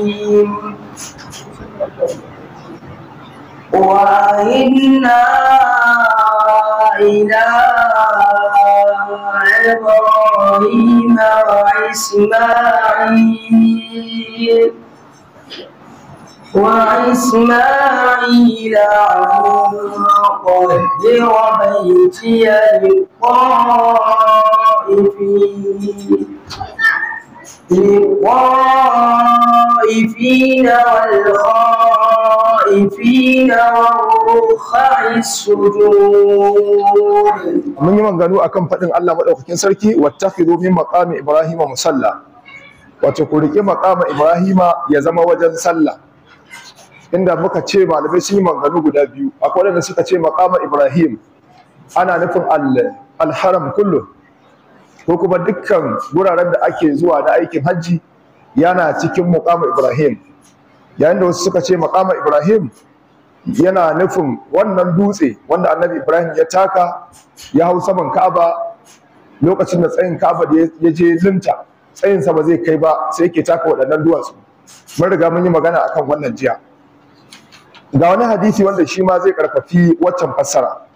الرجيم وعهدنا إلى إبراهيم وإسماعيل وإسماعيل أن طهر بيتي للطائفين للطائفين والخائفين والركع السجود من يمن غنو akan faɗin Allah madaukakin sarki wattakhidhu min maqami mu Sallah. wato ku rike maqama ibrahima ya zama wajen sallah inda muka ce malamai sun yi maganganu guda biyu akwai wanda suka ce maqama ibrahim ana nufin al-haram kullu ko kuma dukkan wuraren da ake zuwa na aikin hajji yana cikin muƙamu Ibrahim yayin da wasu suka ce muƙamu Ibrahim yana nufin wannan dutse wanda Annabi Ibrahim ya taka ya hau saman Ka'aba lokacin da tsayin Ka'aba da ya je linta tsayin sa ba zai kai ba sai yake taka waɗannan duwatsu mun riga mun yi magana akan wannan jiya ga wani hadisi wanda shi ma zai karfafi waccan fassara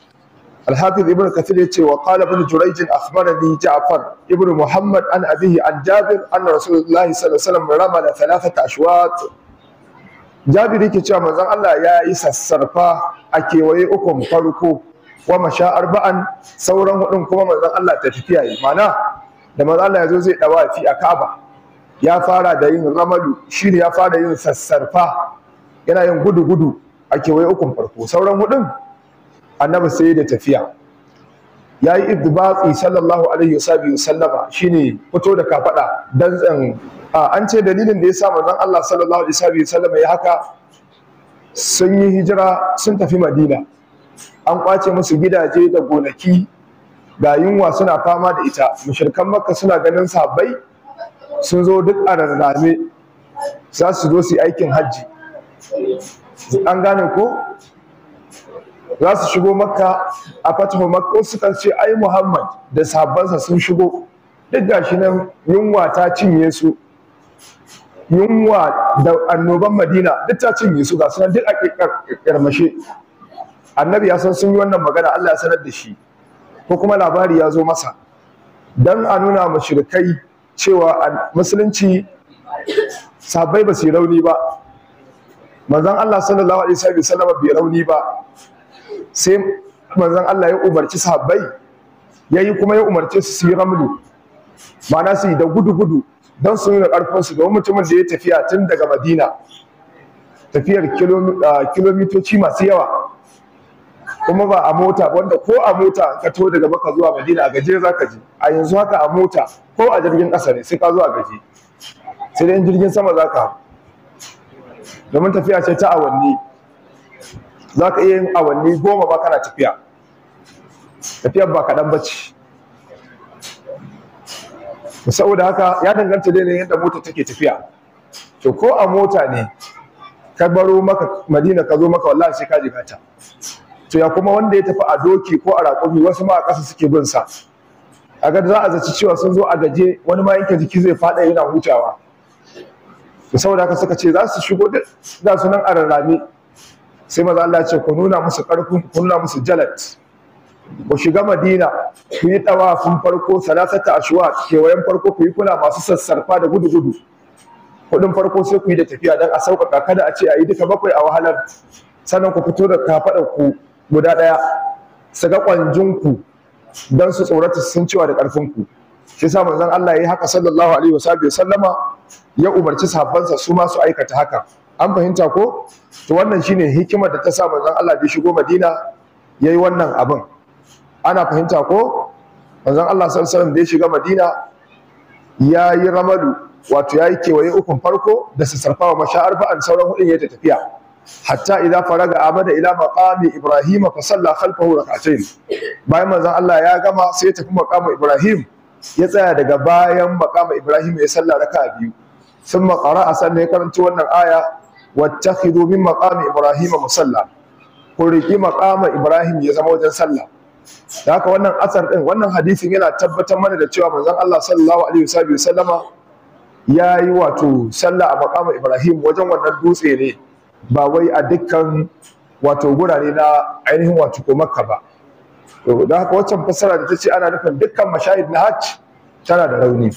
الحافظ ابن كثير يتي وقال ابن جريج اخبرني جعفر ابن Muhammad, عن ابيه عن جابر ان رسول الله صلى الله عليه وسلم yake cewa manzon Allah ya yi sassarfa a kewaye ukun farko wa masha arba'an sauran hudun kuma manzon Allah ta tafiya yi mana da manzon Allah ya zo zai dawafi a Kaaba ya fara da yin ramalu shine ya fara yin sassarfa yana yin gudu gudu a kewaye ukun farko sauran hudun annabi sai da tafiya ya yi ibdibatsi sallallahu alaihi wa sallama shine fito da kafada an ce dalilin da ya sa manzon Allah sallallahu alaihi wa sallama ya haka sun yi hijira sun tafi Madina an kwace musu gidaje da gonaki ga yunwa suna fama da ita mushirkan Makka suna ganin sahabbai sun zo duk a rarrame za su zo su yi aikin hajji an gane ko za su shigo makka a fatahu makka su kan ce ai muhammad da sahabbansa sun shigo duk gashi nan yunwa ta cinye su yunwa da annoban madina duk ta cinye su ga sunan duk a karmashe annabi ya san sun yi wannan magana allah ya sanar da shi ko kuma labari ya zo masa don a nuna mashirkai cewa musulunci sabai ba su yi rauni ba manzon allah sallallahu alaihi wasallam bai rauni ba sai manzon Allah ya umarci sahabbai yayi kuma ya umarce su su yi ramlu ma'ana su yi da gudu-gudu don su nuna ƙarfinsu domin mutumin da ya tafiya tun daga madina tafiyar kilomitoci masu yawa kuma ba a mota wanda ko a mota ka to daga baka zuwa madina a gaje za ka je a yanzu haka a mota ko a jirgin ƙasa ne sai ka zo a gaje sai dai jirgin sama za ka domin tafiya ce ta awanni za ka iya yin awanni goma ba kana tafiya tafiyar ba kaɗan ba ce saboda haka ya danganta da yanayin yadda mota take tafiya to ko a mota ne ka baro maka madina ka zo maka wallahi sai ka jiga ta to ya kuma wanda ya tafi a doki ko a raƙumi wasu ma a ƙasa suke bin sa a ga za a zaci cewa sun zo a gaje wani ma yanke jiki zai faɗa yana hutawa saboda haka suka ce za su shigo da su nan a rarrame sai maza Allah ce ku nuna musu karfin ku nuna musu jalat ku shiga madina ku yi tawafin farko salasata ashwa kewayen farko ku yi kuna masu sassarfa da gudu gudu kudin farko sai ku yi da tafiya dan a sauƙaƙa kada a ce a yi duka bakwai a wahalar sannan ku fito da kafaɗar ku guda ɗaya su ga ƙwanjin ku dan su tsorata sun cewa da ƙarfin ku shi yasa manzon Allah ya yi haka sallallahu alaihi wa ya umarci sahabbansa su ma su aikata haka an fahimta ko to wannan shine hikimar da ta sa manzon Allah da shigo Madina yayi wannan abin ana fahimta ko manzon Allah sallallahu alaihi wasallam da ya shiga Madina yayi ramadu wato yayi kewaye ukun farko da sassarfa masha'ar masha'arfa an sauran yayi ya tafiya hatta idza faraga amada ila maqami ibrahima fa salla khalfahu rak'atayn bayan manzon Allah ya gama sai ya tafi maqamu ibrahim ya tsaya daga bayan maqamu ibrahim ya salla raka'a biyu makara a sannan ya karanta wannan aya wattakhidhu domin maqami ibrahim musalla ku riki maqama ibrahim ya zama wajen sallah da haka wannan asar din wannan hadisin yana tabbatar mana da cewa manzon Allah sallallahu alaihi wasallama ya yi wato sallah a maqama ibrahim wajen wannan dutse ne ba wai a dukkan wato gurare na ainihin wato ko makka ba da haka waccan fassara da ta ce ana nufin dukkan mashahid na hajj tana da rauni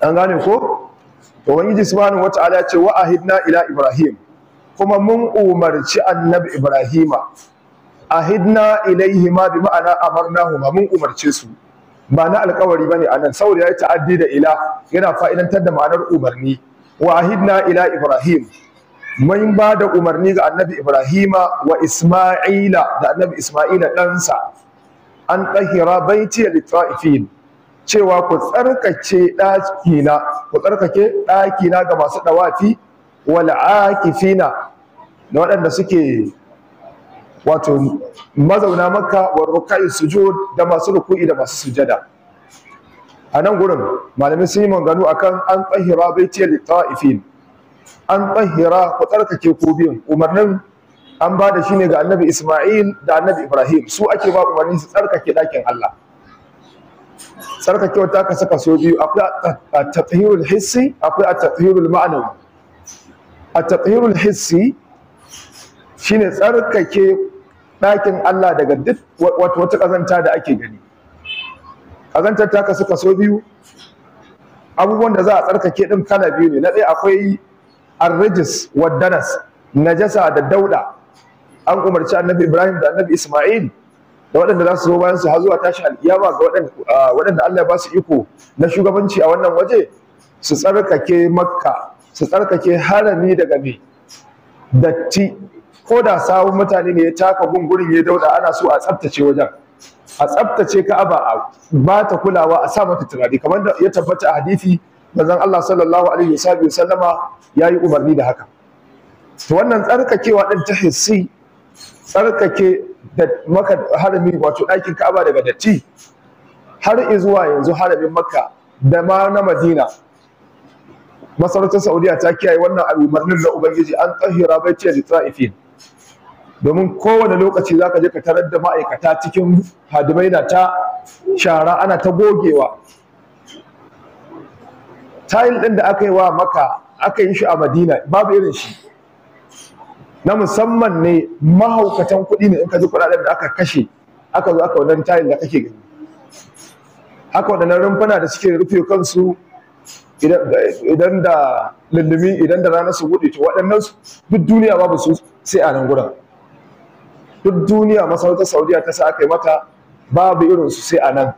an gane ko ubangiji subhanahu wataala ya ce wa ahidna ila ibrahim kuma mun umarci annabi ibrahima ahidna ilaihi ma bi ma'ana amarnahu ma mun umarce su ba na alkawari bane anan saboda ya ta'addi da ila yana fa'idantar da ma'anar umarni wa ahidna ila ibrahim mun ba da umarni ga annabi ibrahima wa isma'ila da annabi isma'ila ɗansa an tahira baiti litta'ifin cewa ku tsarkake ɗakina ku tsarkake ɗakina ga masu ɗawafi wal akifina da waɗanda suke wato mazauna maka, wa rukai sujud da masu ruku'i da masu sujada a nan gurin malamin sun yi manganu akan an tsahira baitiyar ta'ifin an tsahira ku tsarkake ku biyun umarnin an ba da shi ne ga annabi isma'il da annabi ibrahim su ake ba umarnin su tsarkake ɗakin allah kyauta ka saka so biyu akwai a tatsahirul hissi akwai a tatsahirul ma'anawi a tatsahirul hissi shine tsarkake ɗakin Allah daga duk wata ƙazanta da ake gani ƙazantar ta kasu kaso biyu abubuwan da za a tsarkake ɗin kala biyu ne na ɗaya akwai arrijis wa danas najasa da dauɗa an umarci annabi ibrahim da annabi isma'il da waɗanda za su zo bayan su har zuwa tashi alkiyama ga waɗanda Allah ya ba su iko na shugabanci a wannan waje su tsarkake makka su tsarkake harami daga me datti ko da sabon mutane ne ya taka gungurin ya dauda ana so a tsaftace wajen a tsaftace ka'aba a ba ta kulawa a sa mata tunani kamar da ya tabbata a hadisi manzon Allah sallallahu alaihi wasallama yayi umarni da haka to wannan tsarkakewa din ta hissi tsarkake da maka harami wato ɗakin ka'aba daga datti har izuwa yanzu haramin makka da ma na madina masarautar saudiya ta kiyaye wannan marnin na ubangiji an tsahira bai ce litra'ifin domin kowane lokaci za ka je ka tarar da ma'aikata cikin hadimai na ta shara ana ta gogewa tayil ɗin da aka yi wa maka aka yi shi a madina babu irin shi na musamman ne mahaukatan kuɗi ne in ka ji kuɗaɗen da aka kashe aka zo aka wannan tayin da kake gani haka wannan rumfuna da suke rufe kansu idan da lullumi idan da rana su buɗe to waɗannan duk duniya babu su sai a nan gurin duk duniya masarautar saudiya ta sa aka yi mata babu irin su sai a nan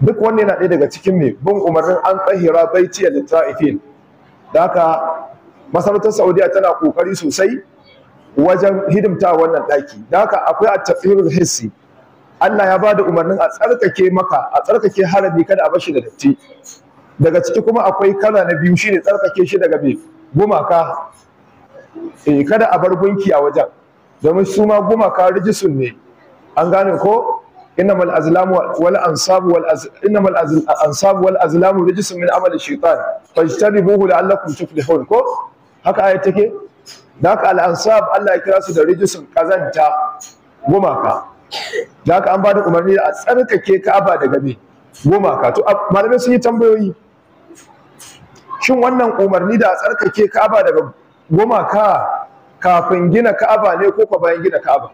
duk wanne yana ɗaya daga cikin mai bin umarnin an tsahira baitiya littafin da haka masarautar saudiya tana ƙoƙari sosai wajen hidimta wannan daki. da haka akwai a tafiyar hissi Allah ya bada umarnin a tsarkake maka a tsarkake harami kada a bashi da datti daga ciki kuma akwai kala na biyu shine tsarkake shi daga mai gumaka eh kada a bar gunki a wajen domin su ma gumaka rijisun ne an gane ko innamal azlamu wal ansabu wal innamal ansabu wal azlamu rijisun min amali shaytan fajtanibuhu la'allakum tuflihun ko haka ayat take da haka al'ansab Allah ya kira su da rijisun kazanta gumaka da haka an ba da umarni a tsarkake ka'aba daga gabe gumaka to malamai sun yi tambayoyi shin wannan umarni da a tsarkake ka'aba daga gumaka kafin gina ka'aba ne ko ka bayan gina ka'aba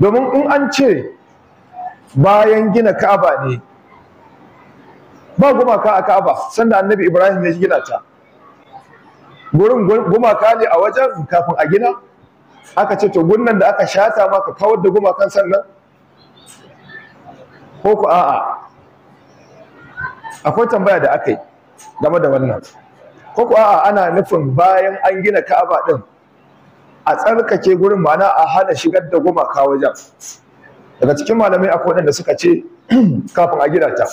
domin in an ce bayan gina ka'aba ne ba gumaka a ka'aba sanda annabi ibrahim ya gina ta gurin gumaka ne a wajen kafin a gina aka ce to gunnan da aka shata ma ka kawar da gumakan sannan ko ku a'a akwai tambaya da aka yi game da wannan ko ku a'a ana nufin bayan an gina ka'aba din a tsarkake gurin ma'ana a hana shigar da gumaka wajen daga cikin malamai akwai waɗanda suka ce kafin a gina ta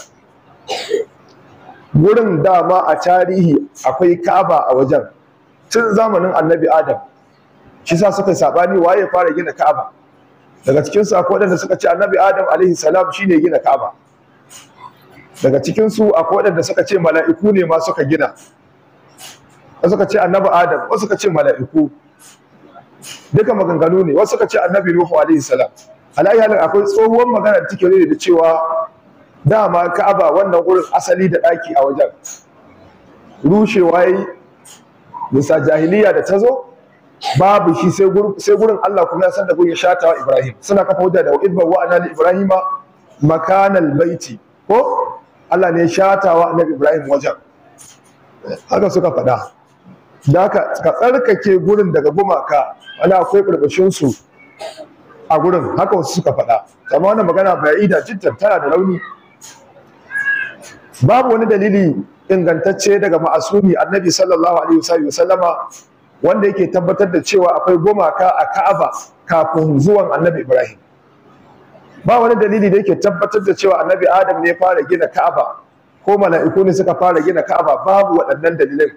gurin dama a tarihi akwai ka'aba a wajen tun zamanin annabi adam shi sa suka sabani waye fara gina ka'aba daga cikin su akwai waɗanda suka ce annabi adam alaihi salam shine gina ka'aba daga cikin su akwai waɗanda suka ce mala'iku ne ma suka gina wasu suka ce annabi adam wasu suka ce mala'iku duka maganganu ne wasu suka ce annabi nuhu alaihi salam alaihi halin akwai tsohuwar magana da take da cewa dama ka'aba wannan gurin asali da daki a wajen rushewa yayi bisa jahiliya da ta zo babu shi sai gurin Allah kuma ya san da gurin shatawa Ibrahim suna kafa hujja da wa'id wa ana li Ibrahim makanal baiti ko Allah ne ya shata wa Ibrahim wajen haka suka faɗa da haka ka tsarkake gurin daga gumaka ana akwai kurbushin su a gurin haka wasu suka faɗa amma wannan magana bai da jittar tana da rauni babu wani dalili ingantacce daga ma'asumi annabi sallallahu alaihi wasallama wanda yake tabbatar da cewa akwai gumaka a Ka'aba kafin zuwan annabi Ibrahim ba wani dalili da yake tabbatar da cewa annabi Adam ne fara gina Ka'aba ko mala'iku ne suka fara gina Ka'aba babu waɗannan dalilai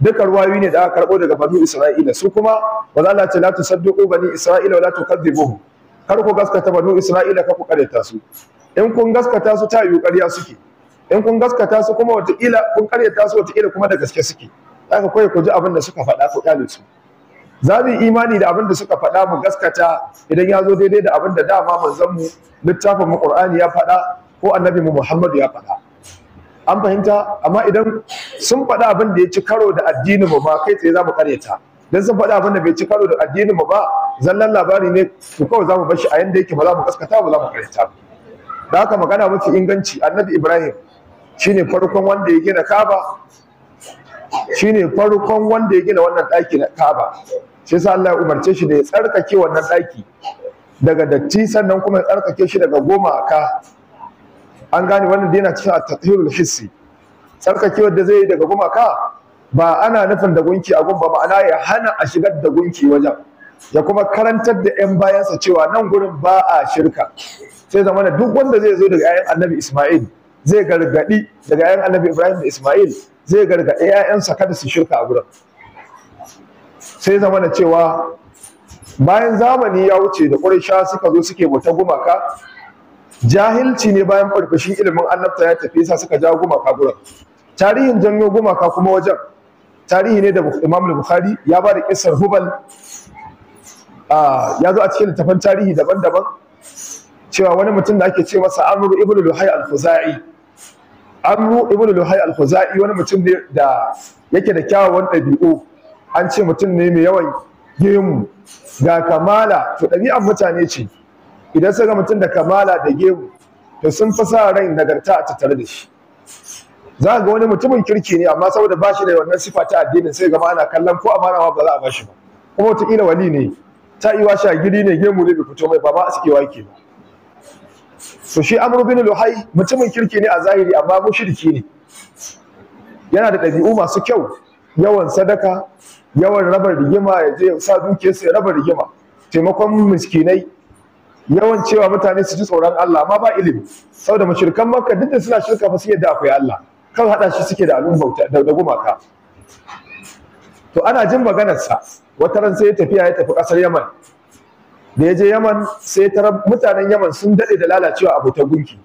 duka ruwayoyi ne da aka karɓo daga bani Isra'ila su kuma wa za ta la tusaddiqu bani Isra'ila wa la tukadzibuhu kar ku gaskata bani Isra'ila ka ku kareta su in kun gaskata su ta yi ƙarya suke in kun gaskata su kuma wataƙila kun karyata su wataƙila kuma da gaske suke haka kawai ku ji abin da suka faɗa ku kyale su za mu yi imani da abin da suka faɗa mu gaskata idan ya zo daidai da abin da dama manzon mu littafin mu Qur'ani ya faɗa ko annabi mu Muhammadu ya faɗa an fahimta amma idan sun faɗa abin da ya ci karo da addinin mu ba kai tsaye za mu karyata dan sun faɗa abin da bai ci karo da addinin mu ba zallan labari ne to kawai za mu bar shi a yanda yake ba za mu gaskata ba za mu karyata ba da haka magana mafi inganci annabi Ibrahim shine farkon wanda ya gina kaba shine farkon wanda ya gina wannan daki na kaba shi sa Allah ya umarce shi da ya tsarkake wannan ɗaki daga datti sannan kuma ya tsarkake shi daga goma ka an gane wannan da yana cikin at tahirul hissi tsarkake da zai yi daga aka ba ana nufin da gunki a gunba ma'ana ya hana a shigar da gunki wajen ya kuma karantar da 'yan bayansa cewa nan gurin ba a shirka sai zama duk wanda zai zo daga 'ya'yan annabi ismail zai gargadi daga yan annabi Ibrahim da Ismail zai gargadi ƴaƴansa kada su shirka a gurin sai zama na cewa bayan zamani ya wuce da ƙuraysha suka zo suke bauta gumaka jahilci ne bayan ɓarfashin ilimin annabta ya tafi sa suka jawo gumaka gurin tarihin janyo gumaka kuma wajen tarihi ne da Imam Bukhari ya ba da kissar Hubal ah, ya zo a cikin littafin tarihi daban-daban cewa wani mutum da ake ce masa amru ibn luhai al-khuzai amru ibn luhai al-khuzai wani mutum ne da yake da kyawawan ɗabi'u an ce mutum ne mai yawan gemu ga kamala to ɗabi'ar mutane ce idan ga mutum da kamala da gemu to sun fi sa rai nagarta a tattare da shi za ga wani mutumin kirki ne amma saboda ba shi da wannan sifa ta addinin sai gama ana kallon ko amana ma ba za a ba shi ba kuma wataƙila wali ne ta iwa gidi ne gemu ne bai fito mai ba ma suke wake ba so shi amru bin luhai mutumin kirki ne a zahiri amma mushriki ne yana da ɗabi'u masu kyau yawan sadaka yawan raba rigima ya je sa dukiyarsa ya raba rigima taimakon miskinai yawan cewa mutane su ji tsoron Allah amma ba ilimi saboda mashirkan makka duk da suna shirka fa su yadda akwai Allah kan hada shi suke da al'umma bauta da gumaka to ana jin maganar sa wata ran sai ya tafiya ya tafi kasar Yaman da ya je yaman sai tara mutanen yaman sun daɗe da lalacewa a bautar gunki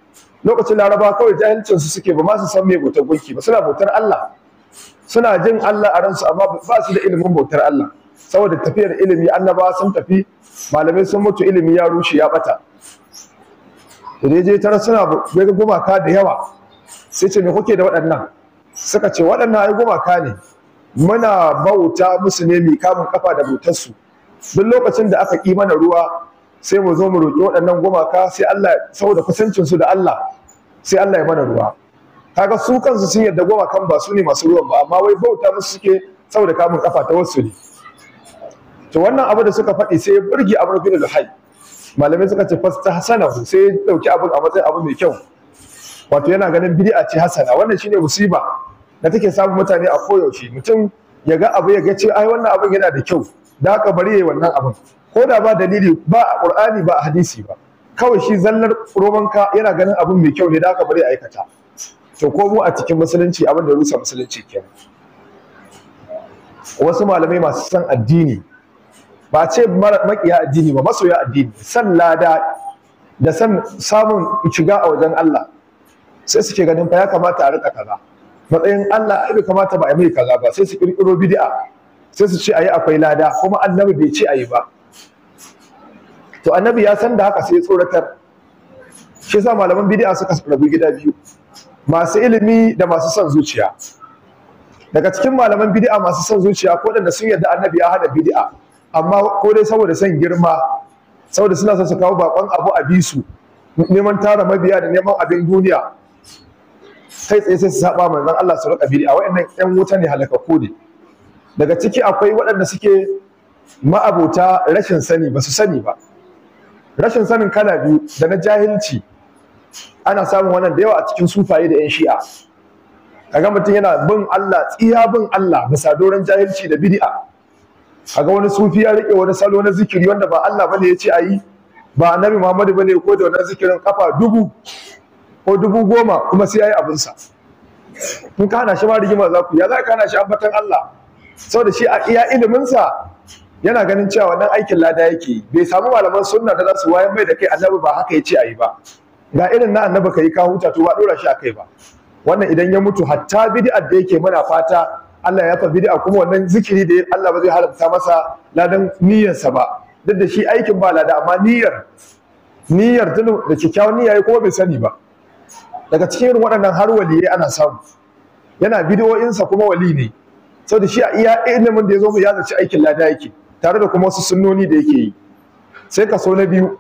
lokacin laraba kawai jahilcin su suke ba ma san me bautar gunki ba suna bautar Allah suna jin Allah a ransu amma ba su da ilimin bautar Allah saboda tafiyar ilimi annabawa sun tafi malamai sun mutu ilimi ya rushe ya bata da je tara suna gumaka da yawa sai ce me kuke da waɗannan suka ce waɗannan ai gumaka ne muna bauta musu ne mi kamun kafa da bautar su duk lokacin da aka ƙi mana ruwa sai mu zo mu roƙi waɗannan gumaka sai Allah saboda kusancin su da Allah sai Allah ya mana ruwa kaga su kansu sun yarda gumakan ba su ne masu ruwan ba amma wai bauta musu suke saboda kamun kafa ta wasu ne to wannan abu da suka faɗi sai ya burge Amr da hai malamai suka ce fasta hasana sai ya dauki abin a matsayin abu mai kyau wato yana ganin bid'a ce hasana wannan shine musiba da take samun mutane a koyaushe mutum ya ga abu ya ga ce ai wannan abin yana da kyau da aka bari yayi wannan abin ko da ba dalili ba a qur'ani ba a hadisi ba kawai shi zallar romanka yana ganin abin mai kyau ne da aka bari a aikata to ko mu a cikin musulunci abin da rusa musulunci kenan wasu malamai masu san addini ba ce makiya addini ba masoya addini san lada da san samun shiga a wajen Allah sai suke ganin fa ya kamata a rika kaza matsayin Allah ai bai kamata ba a mai kaza ba sai su kirkiro bid'a sai su ce ayi akwai lada kuma annabi bai ce ayi ba to annabi ya san da haka sai tsoratar shi yasa malaman bid'a suka rabu gida biyu masu ilimi da masu son zuciya daga cikin malaman bid'a masu son zuciya ko da sun yarda annabi ya hada bid'a amma ko dai saboda son girma saboda suna son su kawo bakon abu a bisu neman tara mabiya da neman abin duniya kai tsaye sai su saba manzon Allah su rika bid'a wa'annan yan wuta ne halakakku ne daga ciki akwai waɗanda suke ma'abota rashin sani ba su sani ba rashin sanin kala biyu da na jahilci ana samun wannan da yawa a cikin sufaye da 'yan shi'a kaga mutum yana bin Allah tsiya bin Allah bisa doron jahilci da bid'a kaga wani sufi ya rike wani salo na zikiri wanda ba Allah bane ya ce ayi ba annabi Muhammadu bane ko da wannan zikirin kafa dubu ko dubu goma kuma sai yayi abinsa in ka kana shi ma rigima za ku ya za ka kana shi ambatan Allah saboda shi a iya iliminsa yana ganin cewa wannan aikin lada yake bai samu malaman sunna da zasu wayar mai da kai annabi ba haka yace ayi ba ga irin na annabi kai ka huta to ba dora shi akai ba wannan idan ya mutu hatta bid'ar da yake muna fata Allah ya fa bid'a kuma wannan zikiri da Allah ba zai haramta masa ladan niyyarsa ba duk da shi aikin ba lada amma niyyar niyyar tunu da kikkiawan niyya kuma bai sani ba daga cikin irin waɗannan har waliyai ana samu yana bidiyoyinsa kuma wali ne saboda shi a iya ilimin da ya zo mu ya zaci aikin lada yake tare da kuma wasu sunnoni da yake yi sai kaso na biyu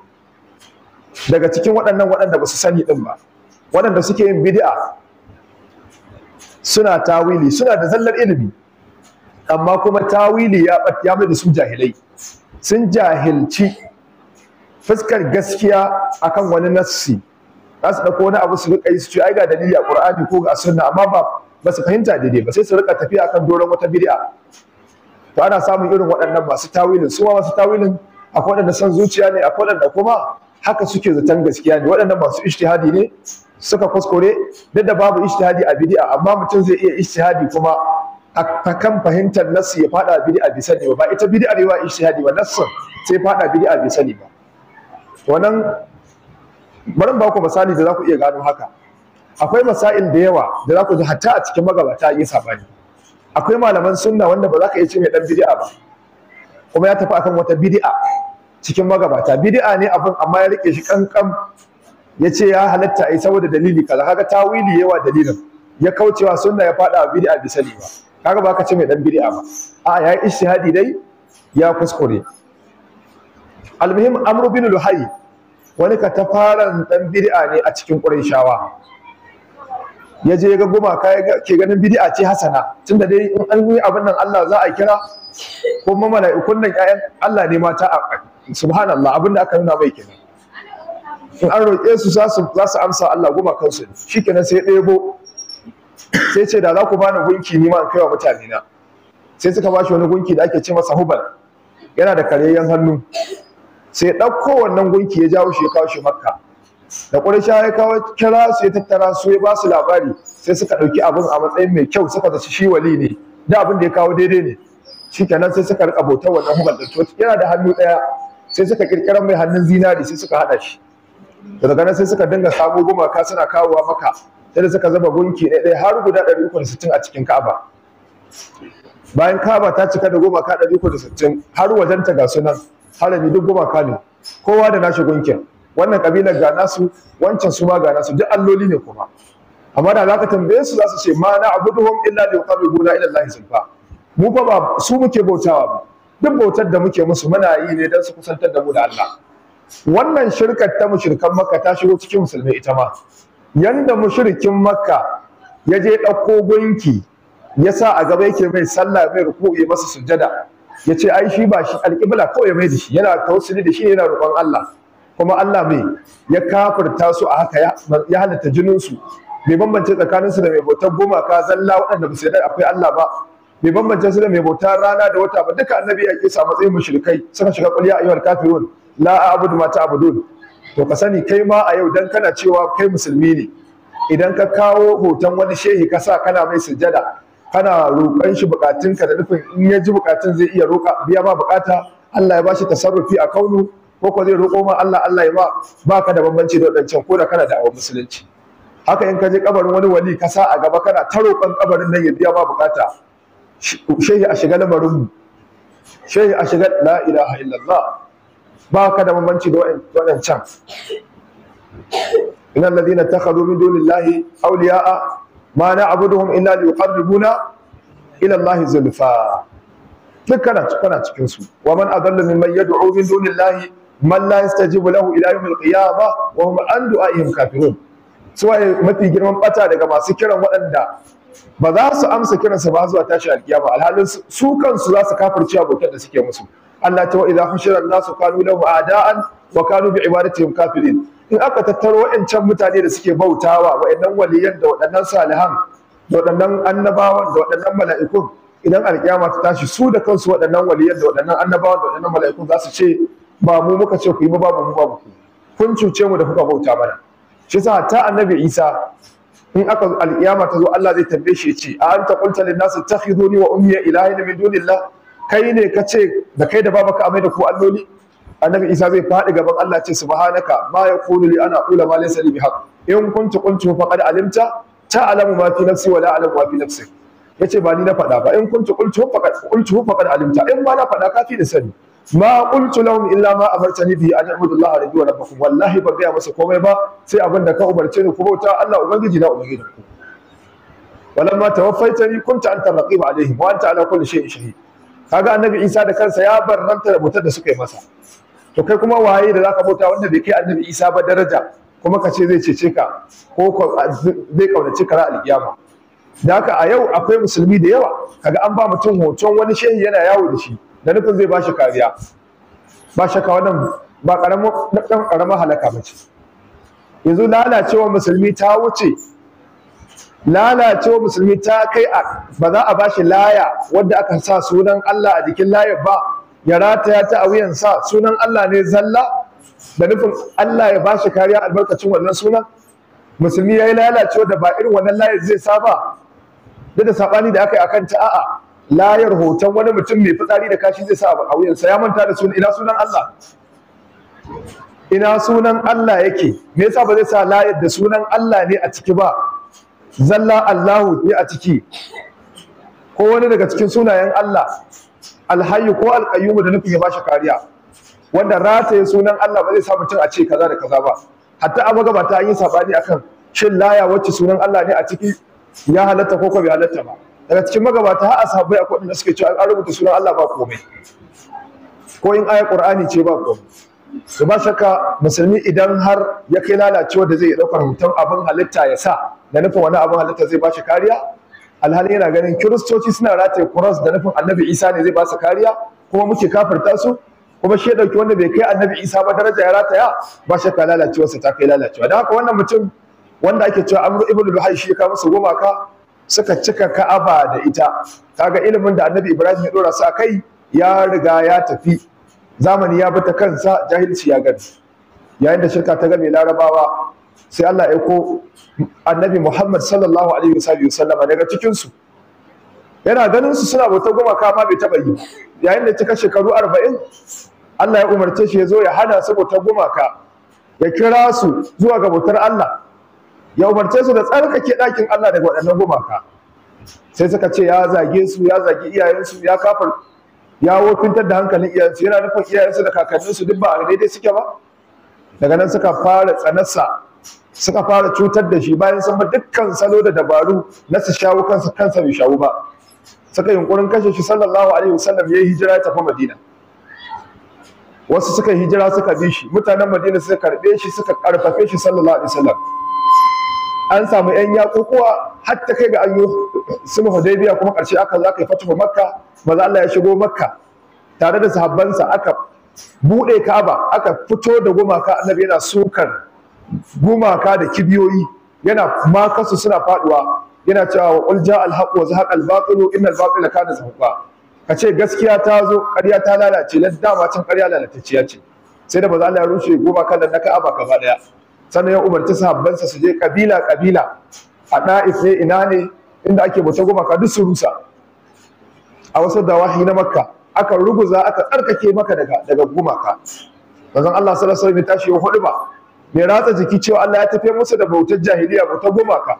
daga cikin waɗannan waɗanda ba su sani ɗin ba waɗanda suke yin bidi'a suna tawili suna da zallar ilimi amma kuma tawili ya ɓata da su jahilai sun jahilci fuskar gaskiya akan wani nasi za su ɗauko wani abu su rika yi su ce ai ga dalili a ƙur'ani ko ga sunna amma ba ba su fahimta daidai ba sai su rika tafiya akan doron wata bid'a to ana samun irin waɗannan masu tawilin su masu tawilin akwai waɗanda san zuciya ne akwai waɗanda kuma haka suke zaton gaskiya ne waɗannan masu ijtihadi ne suka kuskure duk da babu ijtihadi a bid'a amma mutum zai iya ijtihadi kuma a kan fahimtar nassi ya fada bid'a bi sani ba ita bid'a ne wa ijtihadi ba nassin sai fada bid'a bi sani ba wannan bari ba ku misali da za ku iya gano haka akwai masa'in da yawa da za ku ji hatta a cikin magabata yi sabani akwai malaman sunna wanda ba za ka iya ce mai dan bid'a ba kuma ya tafi akan wata bid'a cikin magabata bid'a ne abin amma ya rike shi kankan ya ce ya halatta ai saboda dalili kaza kaga tawili yawa dalilin ya kaucewa sunna ya fada bid'a bisa ne ba kaga ba ka ce mai dan bid'a ba a ya yi ishtihadi dai ya kuskure almuhim amru bin luhai wani ka ɗan dan bid'a ne a cikin qurayshawa ya je ya ga gumaka ya ke ganin bid'a ce hasana tunda dai in an yi abin nan Allah za a kira ko mala'ikun nan ƴaƴan Allah ne mata a subhanallah abin da aka nuna mai kenan in an roƙe su za su amsa Allah gumakan su shikenan sai bo sai ce da za ku bani gunki ni ma kai wa mutane na sai suka bashi wani gunki da ake ce masa hubal yana da kareyyen hannu sai ɗauko wannan gunki ya jawo shi ya kawo shi makka da ƙurayshawa ya kawo kira su ya tattara su ya ba su labari sai suka ɗauki abin a matsayin mai kyau suka zaci shi wali ne da abin da ya kawo daidai ne Shi kenan sai suka rika bautar wannan hubal yana da hannu ɗaya sai suka ƙirƙirar mai hannun zinari sai suka haɗa shi daga ganin sai suka dinga samo gumaka suna kawowa maka sai da suka zaba gunki ɗaya ɗaya har guda ɗari uku da sittin a cikin ka'aba bayan kaba ta cika da gumaka ɗari uku da sittin har wajenta ga sunan harami duk gumaka ne kowa da nashi gunkin wannan kabilar ga nasu wancan su ma ga nasu duk alloli ne kuma amma da za tambaye su za su ce ma na abuduhum illa li yuqarribuna ila allahi zulfa mu fa ba su muke bautawa ba duk bautar da muke musu muna yi ne dan su kusantar da mu da Allah wannan shirkar ta mushrikan makka ta shigo cikin musulmai ita ma yanda mushrikin makka ya je ɗauko gunki ya sa a gaba yake mai sallah mai ruku ya masa sujada, ya ce ai shi ba shi alƙibla kawai mai da shi yana tausiri da shi yana roƙon Allah kuma Allah mai ya kafirta su a haka ya halatta jinin su bambance tsakanin su da mai bautar gumaka zalla waɗanda ba su yadda akwai Allah ba bai bambance su da mai bautar rana da wata ba duka annabi ya kisa matsayin mushrikai suka shiga qul ya ayyuhal kafirun la a'budu ma ta'budun to ka sani kai ma a yau dan kana cewa kai musulmi ne idan ka kawo hoton wani shehi ka sa kana mai sujjada kana roƙon shi bukatunka da nufin in ya ji bukatun zai iya roƙa biya ma bukata Allah ya bashi tasarrufi a kaunu ko ko zai roƙo ma Allah Allah ya ba baka da bambanci da wadancan ko da kana da awon musulunci haka in ka je kabarin wani wali ka sa a gaba kana ta roƙon kabarin nan ya biya ma bukata shehi a shiga lamarin mu shehi a shiga la ilaha illallah baka da bambanci da wadancan إن الذين اتخذوا من دون الله أولياء ما نعبدهم إلا ليقربونا إلى الله duk kana cikin su wa man adalla mimman yad'u min dunillahi man la yastajibu lahu ila yawmil qiyamah wa hum an du'aihim kafirun suwaye mafi girman bata daga masu kiran waɗanda ba za su amsa kiransa ba zuwa tashi alkiyama alhalin su kansu za su kafirce abokan da suke musu Allah ta wa idza hushira an-nasu qalu lahum a'da'an wa kanu bi ibadatihim kafirin in aka tattaro waɗancan mutane da suke bautawa waɗannan waliyan da waɗannan salihan da waɗannan annabawan da waɗannan mala'ikun idan alkiyama ta tashi su da kansu waɗannan waliyan da waɗannan annabawan da waɗannan mala'ikun za su ce ba mu muka ce ku yi ba babu mu babu ku kun cuce mu da kuka bauta mana shi yasa hatta annabi Isa in aka alkiyama ta zo Allah zai tambaye shi ya ce a anta qulta lin nas tattakhiduni wa ummi ilahin min dunillah kai ne ka ce da kai da babaka amai da ku alloli annabi Isa zai faɗi gaban Allah ce subhanaka ma yakunu li ana qula ma laysa li bihaq in kuntu qultu faqad alimta ta'lamu ma fi nafsi wa la a'lamu ma fi nafsik yace ba ni na faɗa ba in kuntu qultu faqad qultu faqad alimta in ba na faɗa ka fi da sani ما قلت لهم illa ma امرتني به ان اعبد الله rabbi wa rabbakum wallahi ba gaya masa komai ba sai abin da ka umarce ni ku bauta Allah ubangiji na ubangiji ku walamma tawaffaitani kunta anta raqib alaihim wa kaga annabi Isa da kansa ya barranta da mutar da suka yi masa to kai kuma waye da zaka bauta wanda bai kai annabi Isa ba daraja kuma ka ce zai cece ka ko zai kaunaci kara alkiyama da haka a yau akwai musulmi da yawa kaga an ba mutum hoton wani shehi yana yawo da shi da nufin zai ba shi kariya ba shakka wannan ba karamin karamin halaka bace yanzu lalacewa musulmi ta wuce lalacewa musulmi ta kai a ba za a ba shi laya wadda aka sa sunan Allah a jikin layar ba ya rataya ta a sa. sunan Allah ne zalla da nufin Allah ya ba shi kariya albarkacin wannan sunan musulmi ya yi lalacewa da ba irin wannan layar zai saba duk da sabani da aka yi akan ta a'a layar hoton wani mutum mai fitsari da kashi zai sa a wuyansa ya manta da sunan ina sunan Allah ina sunan Allah yake me yasa ba zai sa layar da sunan Allah ne a ciki ba zalla Allahu ne a ciki ko wani daga cikin sunayen Allah alhayyu ko alqayyum da nufin ya bashi kariya wanda rataye sunan Allah ba zai sa mutum a ce kaza da kaza ba hatta a magabata an yi sabani akan shin laya wacce sunan Allah ne a ciki ya halatta ko ko bai halatta ba daga cikin magabata har asabai akwai wanda suke cewa an rubuta sunan Allah ba komai ko in aya qur'ani ce ba komai to ba shakka musulmi idan har ya kai lalacewa da zai ɗaukar hoton abin halitta ya sa da nufin wani abin halitta zai ba shi kariya alhali yana ganin kiristoci suna rataye kuras da nufin annabi isa ne zai ba su kariya kuma muke kafirta su kuma shi ya ɗauki wanda bai kai annabi isa ba daraja ya rataya ba shakka lalacewarsa ta kai lalacewa don haka wannan mutum wanda ake cewa amru ibnu luhai shi ya kawo masa gumaka suka cika ka'aba da ita kaga ilimin da annabi ibrahim ya dora sa kai ya riga ya tafi zamani ya bi ta kansa jahilci ya gani yayin da shirka ta game larabawa sai allah ya ko annabi muhammad sallallahu alaihi wasallam daga cikinsu yana ganin su suna bautar gumaka ma bai taɓa yi yayin da cika shekaru arba'in allah ya umarce shi ya zo ya hana su goma gumaka ya kira su zuwa ga bautar allah ya umarce su da tsarkake ɗakin Allah daga waɗannan gumaka sai suka ce ya zage su ya zage iyayensu ya kafar ya wofintar da hankalin iyayensu yana nufin iyayensu da kakanninsu duk ba a daidai suke ba daga nan suka fara tsanarsa suka fara cutar da shi bayan sun bi dukkan salo da dabaru na su shawo kansa kansa bai shawo ba suka yunkurin kashe shi sallallahu alaihi wasallam ya yi hijira ya tafi madina wasu suka hijira suka bi shi mutanen madina suka karbe shi suka karfafe shi sallallahu alaihi wasallam an samu yan yakukuwa har ta kai ga an yi sulhu hudaybiya kuma ƙarshe aka za ka yi fatuhu makka maza Allah ya shigo makka tare da sahabbansa aka buɗe ka'aba aka fito da gumaka annabi yana sukar gumaka da kibiyoyi yana kuma kasu suna faduwa yana cewa wa qul ja'al haqqu wa zahaqal batilu innal batila kana zahuqa kace gaskiya ta zo ƙarya ta lalace lalle dama can ƙarya lalatacciya ce sai da bazan Allah ya rushe gumaka da na ka'aba gaba daya sannan ya umarci sahabbansa su je kabila kabila a da'if ne ina ne inda ake bauta gumaka duk su rusa a wasu dawahi na makka aka ruguza aka tsarkake maka daga daga gumaka bazan Allah sallallahu alaihi wasallam ya tashi ya hudu ba Me ratsa jiki cewa Allah ya tafi musu da bautar jahiliya bautar gumaka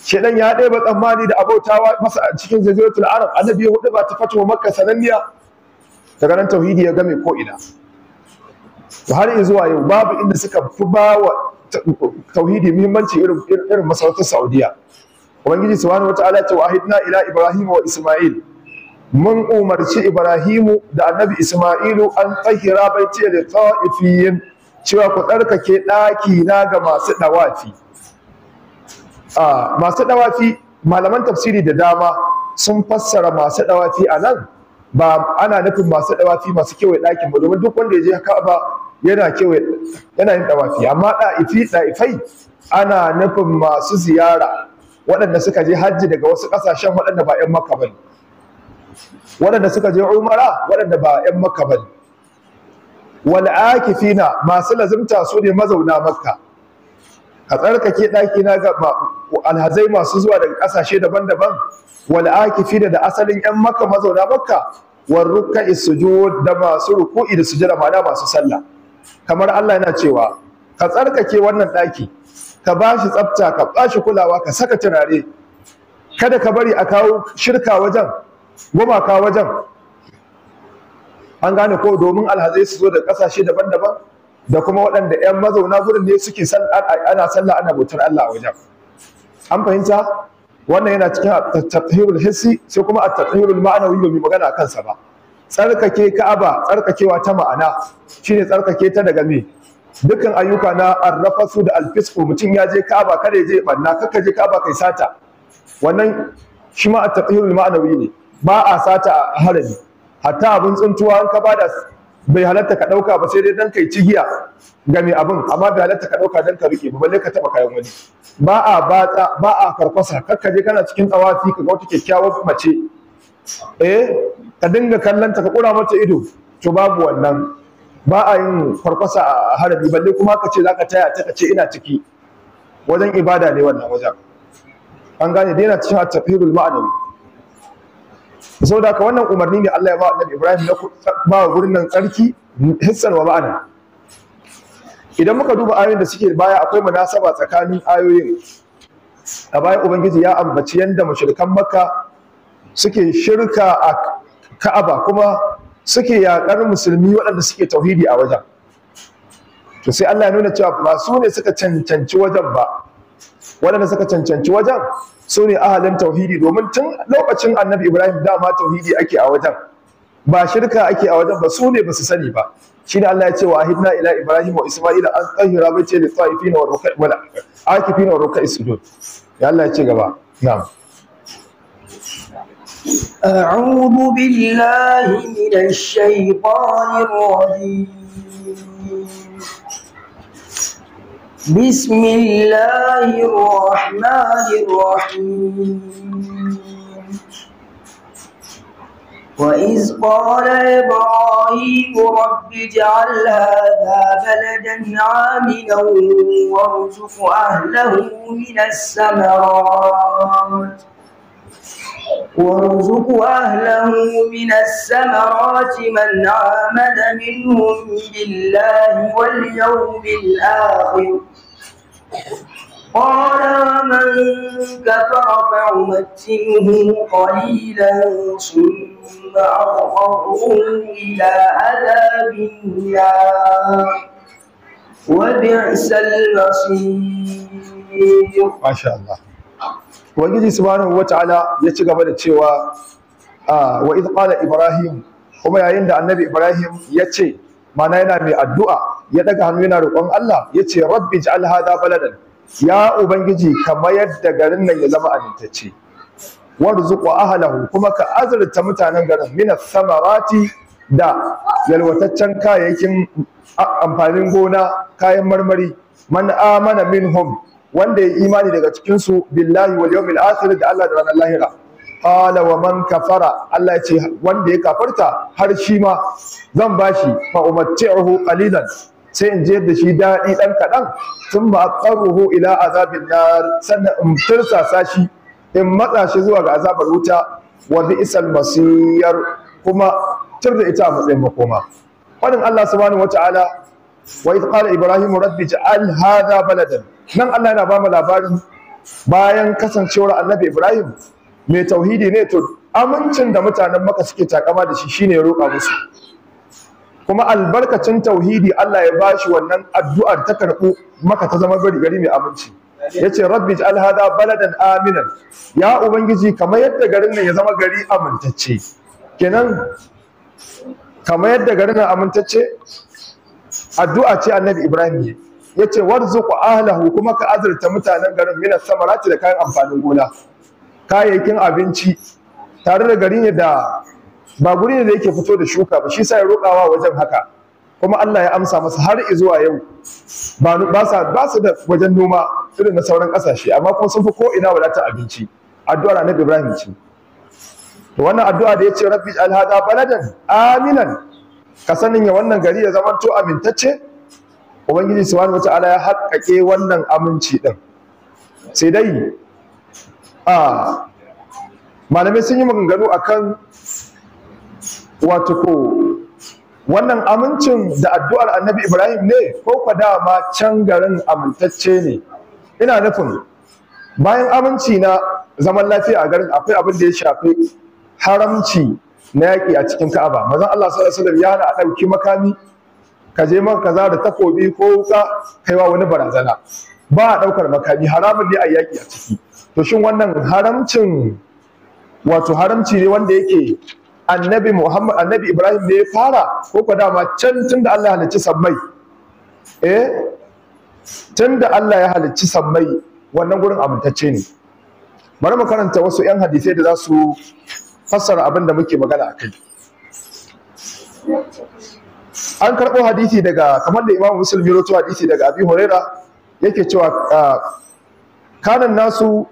shedan ya deba tsammani da abautawa masa cikin jaziratul arab annabi ya hudu ba ta fatuwa makka sananniya daga nan tauhidi ya game ko ina to har zuwa yau babu inda suka fi ba wa tauhidi muhimmanci irin irin masarautar Saudiya ubangiji subhanahu wataala ta wahidna ila ibrahim wa isma'il mun umarci ibrahimu da annabi isma'ilu an tsahira baiti da ta'ifiyin cewa ku tsarkake daki na ga masu ɗawafi masu ɗawafi malaman tafsiri da dama sun fassara masu ɗawafi a nan ba ana nufin masu ɗawafi masu kewaye ɗakin ba domin duk wanda ya je ka'aba yana kewa yana yin dawafi amma da'ifi da'ifai ana nufin masu ziyara waɗanda suka je hajji daga wasu ƙasashen waɗanda ba 'yan maka bane waɗanda suka je umara waɗanda ba 'yan maka bane akifi na masu lazimta su ne mazauna makka ka tsarkake ɗaki na ga alhazai masu zuwa daga ƙasashe daban-daban wal na da asalin 'yan maka mazauna makka war rukka isujud da masu ruku'i da sujada ma'ana masu sallah kamar Allah yana cewa ka tsarkake wannan ɗaki ka ba shi tsafta ka ba shi kulawa ka saka turare kada ka bari a kawo shirka wajen gumaka wajen an gane ko domin alhazai su zo da ƙasashe daban-daban da kuma waɗanda 'yan mazauna gurin ne suke ana sallah ana bautar Allah wajen an fahimta wannan yana cikin at-tathhirul hissi sai kuma a tattahirul ma'anawi ba mu magana a kansa ba tsarkake ka'aba tsarkakewa ta ma'ana shine tsarkake ta daga me dukkan ayyuka na arrafasu da alfisku mutum ya je ka'aba kada ya je banna kaka je ka'aba kai sata wannan shi ma at-taqhirul ma'nawi ne ba a sata a harami hatta abin tsuntuwa an ka bada bai halatta ka ɗauka ba sai dai dan kai cigiya ga me abin amma bai halatta ka dauka dan ka rike ba balle ka taba kayan wani ba a batsa ba a karkwasa kaka je kana cikin tsawafi ka ga wata kyakkyawar mace eh ka dinga kallon ta ka kura mata ido to babu wannan ba a yin farkwasa a harabi balle kuma ka ce zaka taya ta ka ce ina ciki wajen ibada ne wannan wajen an gane daina cikin tafhirul ma'anawi saboda ka wannan umarni ne Allah ya ba Annabi Ibrahim na ba gurin nan tsarki hissan wa ma'ana idan muka duba ayoyin da suke baya akwai munasaba tsakanin ayoyin a baya ubangiji ya ambaci yanda mushrikan makka suke shirka a ka'aba kuma suke yaƙar musulmi waɗanda suke tauhidi a wajen to sai Allah ya nuna cewa ba su ne suka cancanci wajen ba waɗanda suka cancanci wajen su ne ahalin tauhidi domin tun lokacin annabi ibrahim dama tauhidi ake a wajen ba shirka ake a wajen ba su ne ba su sani ba shine Allah ya ce wa ahidna ila ibrahim wa isma'ila an tsahira baiti li ta'ifina wa ruka'ila wa ruka'is sujud ya Allah ya ce gaba na'am أعوذ بالله من الشيطان الرجيم بسم الله الرحمن الرحيم وإذ قال إبراهيم رب اجعل هذا بلدا عاملا وارزق أهله من الثمرات وارزق أهله من السمرات من عامد منهم بالله واليوم الآخر قال ومن كفر فأمتعه قليلا ثم أضطره إلى عذاب النار وبئس المصير ما شاء الله ubangiji subhanahu wataala ya ci gaba da cewa ah, wa idh qala ibrahim kuma yayin da annabi ibrahim ya ce mana yana mai addu'a ya daga hannu yana roƙon Allah ya ce rabbi ij'al hadha baladan ya ubangiji ka mayar da garin nan ya zama amintacce warzuq ahlahu kuma ka azurta mutanen garin min samarati da yalwataccen kayayyakin amfanin gona kayan marmari man amana minhum wanda ya imani daga cikin su billahi wal yawmil akhir da Allah da ranar lahira qala wa man kafara Allah ya ce wanda ya kafarta har shi ma zan bashi fa umatti'uhu qalilan sai in je da shi daɗi ɗan kaɗan tun ba ruhu ila azabin nar sannan in tirsasa shi in matsa shi zuwa ga azabar wuta wa bi'sal masiyar kuma tir ita a matsayin makoma fadin Allah subhanahu wataala wa idh qala ibrahim rabbi ja'al hadha baladan nan Allah yana ba mu labarin bayan kasancewar annabi ibrahim mai tauhidi ne to amincin da mutanen maka suke takama da shi shine ya roƙa musu kuma albarkacin tauhidi Allah ya bashi wannan addu'ar ta karɓu maka ta zama gari gari mai aminci yace rabbi ij'al hadha baladan aminan ya ubangiji kamar yadda garin nan ya zama gari amintacce kenan kamar yadda garin nan amintacce addu'a ce annabi ibrahim ya ce warzuqu ahlahu kuma ka azurta mutanen garin mina samarati da kayan amfanin gona kayayyakin abinci tare da gari ne da ba guri ne da yake fito da shuka ba shi sa ya rokawa wajen haka kuma Allah ya amsa masa har zuwa yau ba su da wajen noma irin na sauran kasashe amma kuma sun fi ko ina wadatar abinci addu'ar annabi ibrahim ce wannan addu'a da ya ce rabbi alhada baladan aminan ka sanin ya wannan gari ya zama to amintacce ubangiji subhanahu wataala ya haƙƙaƙe wannan aminci din sai dai a malamai sun yi maganganu akan wato ko wannan amincin da addu'ar annabi ibrahim ne ko kwa dama can garin amintacce ne ina nufin bayan aminci na zaman lafiya a garin akwai abin da ya shafi haramci na yaƙi a cikin Ka'aba mazan Allah sallallahu alaihi wasallam ya hana a ɗauki makami ka je man kaza da takobi ko wuka kaiwa wani barazana ba a ɗaukar makami haramun ne a yaƙi a ciki to shin wannan haramcin wato haramci ne wanda yake annabi Muhammad annabi Ibrahim ne ya fara ko ko dama can tunda Allah ya halicci sammai eh tunda Allah ya halicci sammai wannan gurin amintacce ne bari mu karanta wasu 'yan hadisai da za su fassara abin da muke magana a kai an karɓo hadisi daga kamar da imamu muslim ya hadisi daga abi huraira yake cewa ah, kanan nasu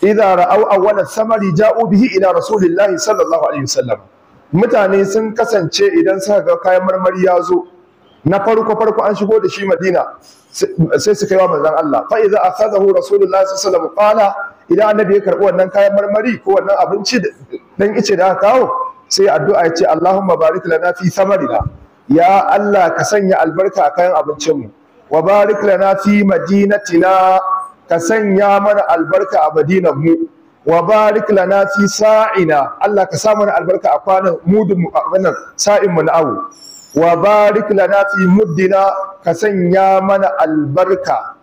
idza ra'aw awwala samari ja'u bihi ila rasulillahi sallallahu alaihi wasallam mutane sun kasance idan suka ga kayan marmari ya zo na farko farko an shigo da shi madina sai su kai wa manzon Allah fa idza akhadahu rasulullahi sallallahu alaihi wasallam qala idan annabi ya karɓi wannan kayan marmari ko wannan abinci dan ice da aka kawo sai addu'a ya ce Allahumma barik lana fi thamarina ya Allah ka sanya albarka a kayan abincin mu wa barik lana fi madinatina ka sanya mana albarka a madinar mu wa barik lana fi sa'ina Allah ka sa mana albarka a kwanan mudun mu wannan sa'in mu na awu wa barik lana fi muddina ka sanya mana albarka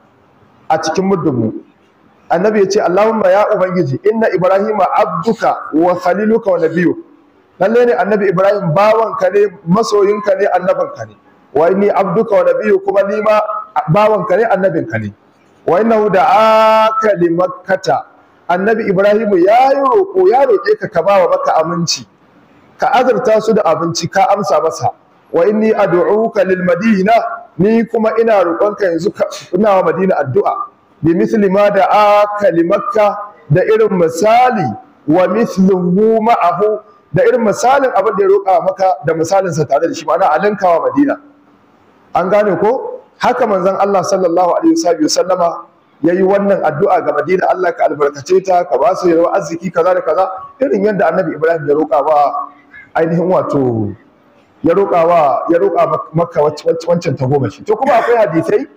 a cikin muddinmu annabi ya ce Allahumma ya ubangiji inna ibrahima abduka wa khaliluka wa nabiyyu lalle ne annabi ibrahim bawanka ne masoyinka ne annabinka ne wa inni abduka wa nabiyyu kuma ni ma bawanka ne annabinka ne wa innahu da'aka li makkata annabi ibrahim ya yi roƙo ya roƙe ka ka bawa maka aminci ka azurta su da abinci ka amsa masa wa inni ad'uka lil madina ni kuma ina roƙonka yanzu ina wa madina addu'a bi misli ma da aka limakka da irin misali wa misluhu ma'ahu da irin misalin abin da ya roƙa maka da sa tare da shi ma'ana alinkawa madina an gane ko haka manzon Allah sallallahu alaihi wasallama yayi wannan addu'a ga madina Allah ka albarkace ta ka ba su yawa arziki kaza da kaza irin yadda annabi ibrahim ya roƙa wa ainihin wato ya roƙa wa ya roƙa maka wancan shi to kuma akwai hadisai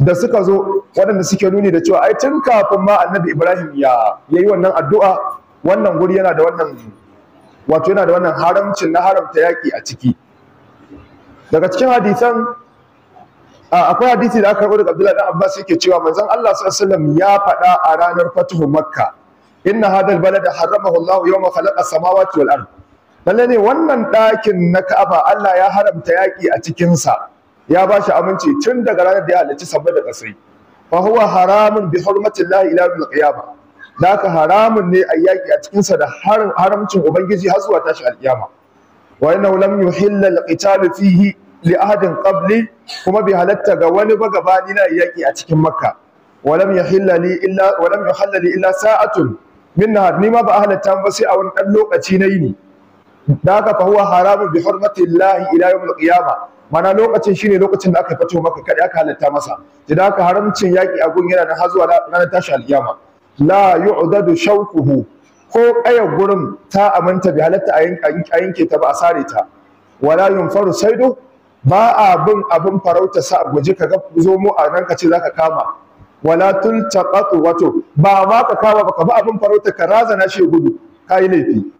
da suka zo waɗanda suke nuni da cewa ai tun kafin ma annabi ibrahim ya yayi wannan addu'a wannan guri yana da wannan wato yana da wannan haramcin na haramta yaƙi a ciki daga cikin hadisan akwai hadisi da aka karɓo daga abdullahi dan abbas yake cewa manzon allah sallallahu ya faɗa a ranar fatuhu makka inna hadal balada haramahu allah yawma khalaqa samawati wal ard lalle ne wannan ɗakin na ka'aba allah ya haramta yaƙi a cikinsa ya ba shi aminci tun daga ranar da ya halarci sabbin da kasai fa huwa haramun bi hurmatin lahi ila yawmil da haka haramun ne a yaki a cikin sa da haramcin ubangiji har zuwa tashin alkiyama wa innahu lam yuhilla fihi li ahadin qabli kuma bi halatta ga wani ba gabani na yaki a cikin makka wa lam yuhilla li illa wa lam yuhalla li illa sa'atun minna ni ma ba halatta ba sai a wani dan lokaci na yini da haka fa huwa haramun bi hurmati llahi ila yawmil mana lokacin shine lokacin da aka fito maka kada aka halatta masa idan aka haramcin yaki a gun yana nan har zuwa ranar tashi alkiyama la yu'dadu shawquhu ko kayar gurin ta aminta bi halatta a yanke ta ba a sare ta wala yunfaru saidu ba a bin abin farauta sa guji kaga zo mu a nan ka ce zaka kama wala tultaqatu wato ba ma ka kama ba ka bi abin farauta ka razana shi gudu kai laifi